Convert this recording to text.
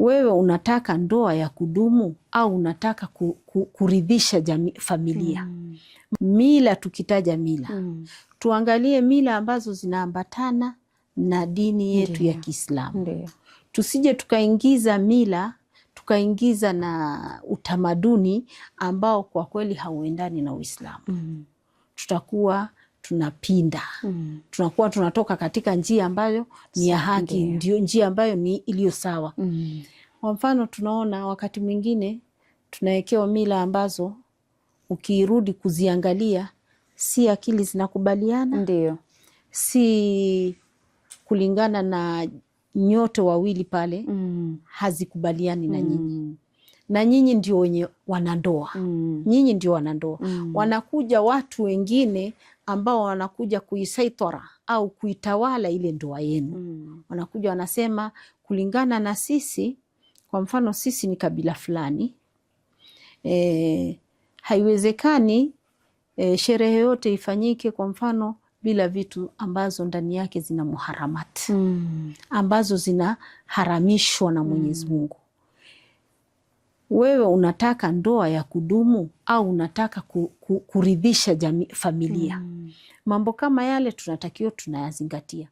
wewe unataka ndoa ya kudumu au unataka ku, ku, kuridhisha jami, familia mm. Mila tukitaja mila mm. tuangalie mila ambazo zinaambatana na dini yetu Ndiyo. ya Kiislamu. Tusije tukaingiza mila tukaingiza na utamaduni ambao kwa kweli hauendani na Uislamu mm. tutakuwa tunapinda mm. tunakuwa tunatoka katika njia ambayo ni ya haki, ndio njia ambayo ni iliyo sawa mm. Kwa mfano tunaona wakati mwingine tunawekewa mila ambazo ukirudi kuziangalia si akili zinakubaliana, ndio si kulingana na nyote wawili pale mm. hazikubaliani na hmm. nyinyi mm na nyinyi ndio wenye wanandoa mm. nyinyi ndio wanandoa mm. wanakuja watu wengine ambao wanakuja kuisaitora au kuitawala ile ndoa yenu mm. wanakuja wanasema, kulingana na sisi, kwa mfano sisi ni kabila fulani e, haiwezekani e, sherehe yote ifanyike kwa mfano bila vitu ambazo ndani yake zina muharamati mm. ambazo zinaharamishwa na mm. Mwenyezi Mungu wewe unataka ndoa ya kudumu au unataka ku, ku, kuridhisha jamii, familia mm. Mambo kama yale tunatakiwa tunayazingatia.